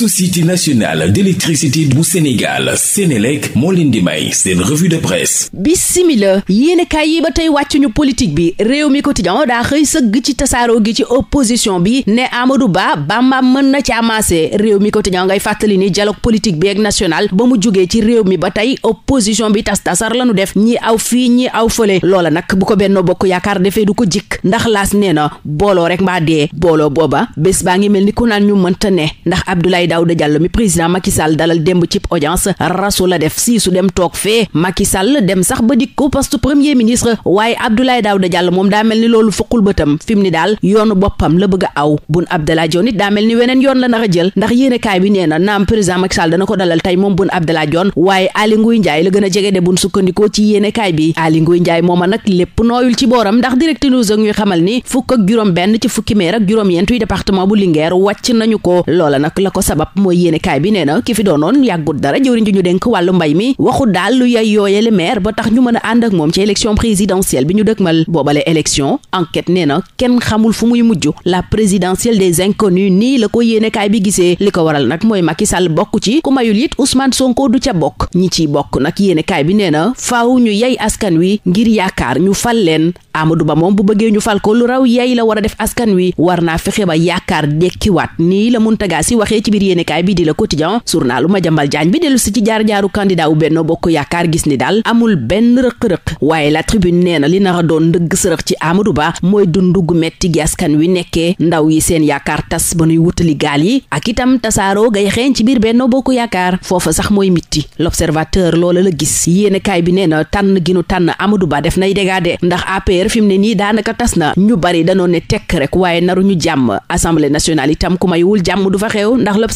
société nationale d'électricité bu Sénégal Sénélec moo leen di may seen revue de presse bismillah yéenekaay yi ba tey wàccuñu politique bi réew mi quotidien daa xëy sëgg ci tasaaroo gi ci opposition bi ne Amadou Ba Bamba mën na ci amaase réew mi quotidien ngay fàttali ni dialogue politique bi ak national ba mu jógee ci réew mi ba tey opposition bi tas tasar lañu def ñi aw fii ñi aw fële loola nag bu ko Benno Bokk Yaakaar defee du ko jikk ndax laas nee na booloo rek mbaa dee booloo booba bés baa ngi mel ni ku ñu mënta ne ndax Abdoulaye Daouda Diallo cib audience rasu dem sax ba dik ko premier ministre waaye Abdoulaye Daouda Diallo moom daa mel ni loolu fukkul bëtam fi ni daal yoonu boppam la bëgg a aw bun Abdallah Dione it daa mel ni weneen yoon la nar a jël ndax yéene bi nee naam président Macky dana ko dalal tey moom bun Abdallah Dione waaye Aly Ngouille Ndiaye la gën a jege de bun sukkandikoo ci yéene kaay bi Aly Ngouille Ndiaye mooma nag lépp nooyul ci booram ndax direct news sabab mooy yéenekaay bi nee na ki fi doonoon yàggut dara jëwriñ ji ñu denk wàllu mbay mi waxu daal lu yay yooyele maire ba tax ñu mën a ànd ak moom ci élection présidentielle bi ñu dëkkmal boobale élection enquête nee na kenn xamul fu muy mujj la présidentielle des inconnus nii la ko yéenekaay bi gisee li ko waral nag mooy Macky Sall bokk ci ku mayul it Ousmane Sonko du ca bokk ñi ciy bokk nag yéenekaay bi nee na ñu yay askan wi ngir yaakaar ñu fal leen Amadou bu bëggee ñu fal ko la war a def askan wi war naa fexe ba yéenekaay bi di Le Quotidien journalu Madiambal Diagne bi dellu si ci jaar-jaaru kandidaa wu Benno Bokk Yaakaar gis ni daal amul benn rëq-rëq waaye La Tribune nee na li na a doon ndëgg sërëx ci Amadou Ba mooy dundu gu metti gi kan wi nekkee ndaw yi seen yaakaar tas ba nuy wutali gaal yi ak itam tasaaroo gay xeeñ ci biir Benno Bokk Yaakaar foofa sax mooy mitti L'Observateur loola la gis kaay bi nee na tànn gi nu tànn Amadou Ba def nay dégaade ndax APR fi mu ne nii daanaka tas na ñu bari danoo ne tekk rek waaye naruñu jàmm Assemblée nationale itam ku mayul jàmm du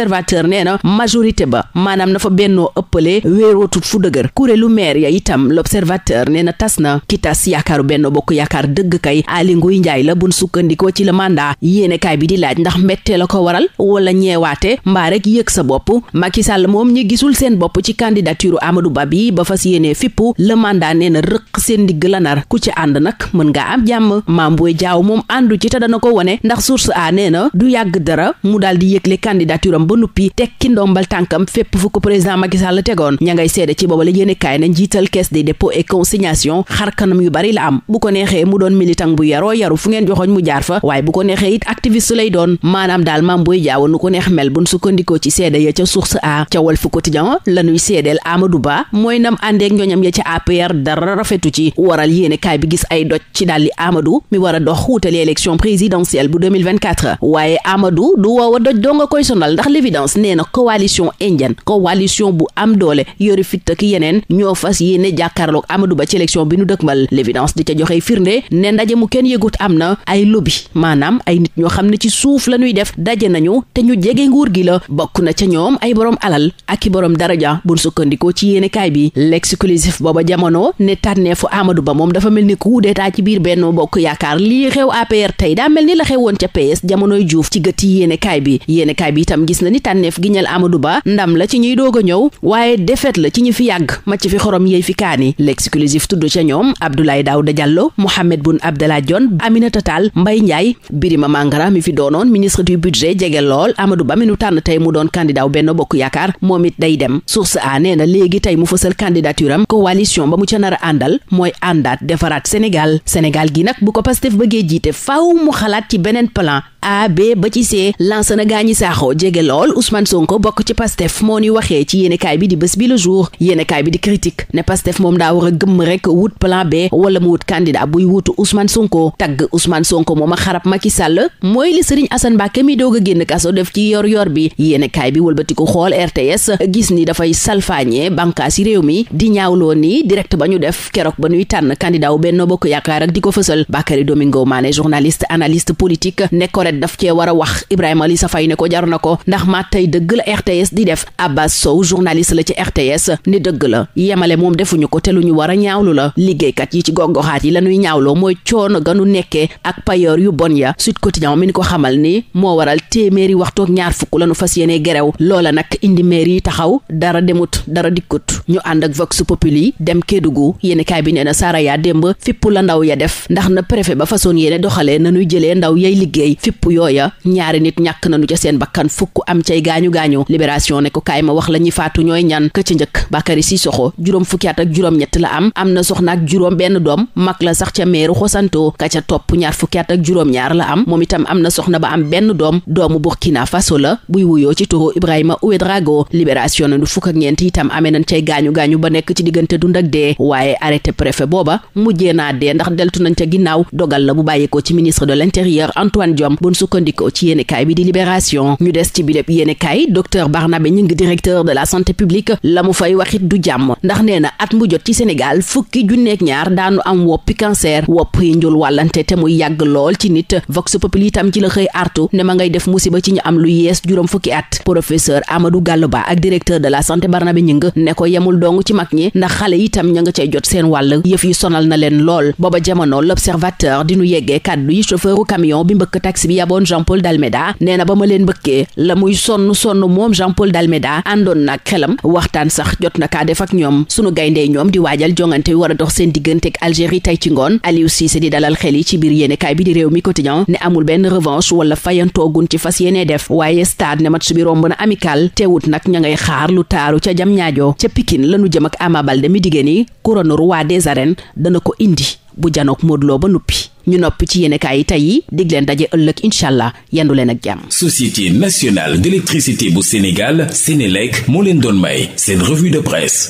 l'observateur nee na majorité ba maanaam na fa bennoo ëppale wéerootut fu dëgër kuréelu maire ya itam l'observateur nee na tas na ki tas yaakaaru bennoo bokk yaakaar dëgg kay Aly Ngouille Ndiaye la bun sukkandikoo ci le mandat yéenekaay bi di laaj ndax mbettee la ko waral wala ñeewaate mbaa rek yëg sa bopp Macky Sall moom ñi gisul seen bopp ci candidature Amadou Ba bi ba fas yéenee fippu le mandat nee na rëq seen digg la nar ku ci ànd nag mën nga am jàmm Mamboy Diaw moom àndu ci te ko wone ndax source a du yàgg dara mu daal di yëgle candidature boppam ba nuppi tekki ndombal tànkam fépp fu ko président Macky Sall tegoon ña seede ci boobale yéene kaay na njiital caisse des dépôts et consignation xar kanam yu bari la am bu ko neexee mu doon militant bu yaroo yaru fu ngeen joxoñ mu jaar fa waaye bu ko neexee it activiste lay doon maanaam daal maam booy jaaw nu ko neex mel buñ sukkandikoo ci seede ya ca source a ca Walf Quotidien la ñuy seedeel Amadou Ba mooy nam àndeek ñoñam ya ca APR dara l' évidence nee na coalition indienne coalition bu am doole yori fit ak yeneen ñoo fas yéene jàkkaarloog amadu Ba ci élection bi nu dëkmal l' évidence di ca joxe firnde ne ndaje mu kenn yëgut am na ay lobby maanaam ay nit ñoo xam ne ci suuf la ñuy def daje nañu te ñu jege nguur gi la bokk na ca ñoom ay borom alal ak i borom bu buñ sukkandikoo ci yéene kaay bi l'exclusif booba jamono ne tànneefu amadu Ba moom dafa mel ni ku deetaa ci biir benn Bokk Yaakaar lii xew tey daa mel ni la xewoon ca PS jamonoy Diouf ci gëtti yéene gis na ni tànneef gi ñeel Amadou Ba ndam la ci ñuy doog a ñëw waaye defet la ci ñi fi yàgg macc fi xorom yey fi kaani l'exclusif tudd ca ñoom Abdoulaye Daouda Diallo Mohamed Boun Abdallah Dionne Aminata Tall Mbaye Ndiaye Birima Mangara mi fi doonoon ministre du budget jege lool Amadou Ba mi nu tànn tey mu doon candidat wu Benno Bokk Yaakaar moom it day dem source a nee na léegi tey mu fësal candidature am coalition ba mu ca nar a àndal mooy àndaat defaraat Sénégal Sénégal gi nag bu ko Pastef bëggee jiite faaw mu xalaat ci beneen plan A B ba ci C lancé na gaañi saaxoo jege lool Ousmane Sonko bokk ci Pastef moo ni waxee ci yéenekaay bi di bés bi le jour yéenekaay bi di critique ne Pastef moom daa war a gëmm rek wut plan B wala mu wut candidat buy wutu Ousmane Sonko tagg Ousmane Sonko moom a xarab Macky Sall mooy li Serigne Assane Mbacké mi doog a génn def ci yor yor bi yéenekaay bi wëlbatiku xool RTS gis ni dafay salfaañee banqaas yi réew mi di ñaawloo ni direct ba ñu def keroog ba ñuy tànn candidat wu Benno Bokk Yaakaar ak di ko fësal Bakary Domingo Mané journaliste analyste retraite daf cee war a wax Ibrahima sa Faye ne ko jar na ko ndax ma tey dëgg la RTS di def Abbas Sow journaliste la ci RTS ni dëgg la yemale moom defuñu ko te lu ñu war a ñaawlu la liggéeykat yi ci gox-goxaat yi la ñuy ñaawloo mooy coono ganu nekke ak payeur yu bon ya Sud Quotidien mi ni ko xamal ni moo waral téeméeri waxtoog ñaar fukk lañu fas yenee gerew loola nag indi maire yi taxaw dara demut dara dikkut ñu ànd ak vox populi dem Kédougou yéeni kaay bi nee na saara yaa démb fipp la ndaw ya def ndax na préfet ba façon yéene ndaw yay liggéey yépp yooya ñaari nit ñàkk nañu ca seen bakkan fukk am cay gaañu gaañu libération ne ko kaay ma wax la ñi faatu ñooy ñan ka ci njëkk Bakary Cissokho juróom fukki at ak juróom ñett la am am na soxna ak juróom benn doom mag la sax ca meeru xosanto ka ca topp ñaar fukki at juróom ñaar la am moom itam am na soxna ba am benn doom doomu Burkina Faso la buy wuyoo ci turu Ibrahima Ouedraogo libération ne du fukk ak ñeent itam amee nañ cay gaañu gaañu ba nekk ci diggante dund ak dee waaye arrêté préfet booba mujjee naa dee ndax deltu nañ ca ginnaaw dogal la bu bàyyeekoo ci ministre de l'intérieur Antoine buñ sukkandikoo ci yéenekaay bi di libération ñu des ci biléb yéenekaay docteur Barnabé Gningue directeur de la santé publique la mu fay waxit du jàmm ndax nee na at mu jot ci Sénégal fukki junneeg ñaar daanu am woppi cancer wopp yi njul wàllante te muy yàgg lool ci nit vox populi itam ci la xëy artu ne ma ngay def musiba ci ñu am lu yees juróom fukki at professeur amadu Gallo Ba ak directeur de la santé Barnabé Gningue ne ko yemul dong ci mag ñi ndax xale itam ña nga cay jot seen wàll yëf yi sonal na leen lool yaboon Jean Paul Dalméda nee na ba ma leen bëkkee la muy sonn sonn moom Jean Paul Dalméda àndoon na xelam waxtaan sax jot na kaa def ak ñoom sunu gayndee ñoom di waajal jongante yu war a dox seen diggante ak Algérie tey ci ngoon Aliou Cissé di dalal xel yi ci biir yéenekaay bi di réew mi quotidien ne amul benn revanche wala fayantoogun ci fas yéenee def waaye stade ne match bi romb na amical teewut nag ña ngay xaar lu taaru ca jam ñaajo ca Pikine lanu jëm ak Ama Baldé mi diggée ni couronne roi des arènes dana ko indi bu janook Modou ñu nopp ci yéenekaay yi tey yi dig leen daje ëllëg incha allah yendu leen ak jàmm. Société nationale d'électricité bu Sénégal Sénélec moo leen doon may seen revue de presse.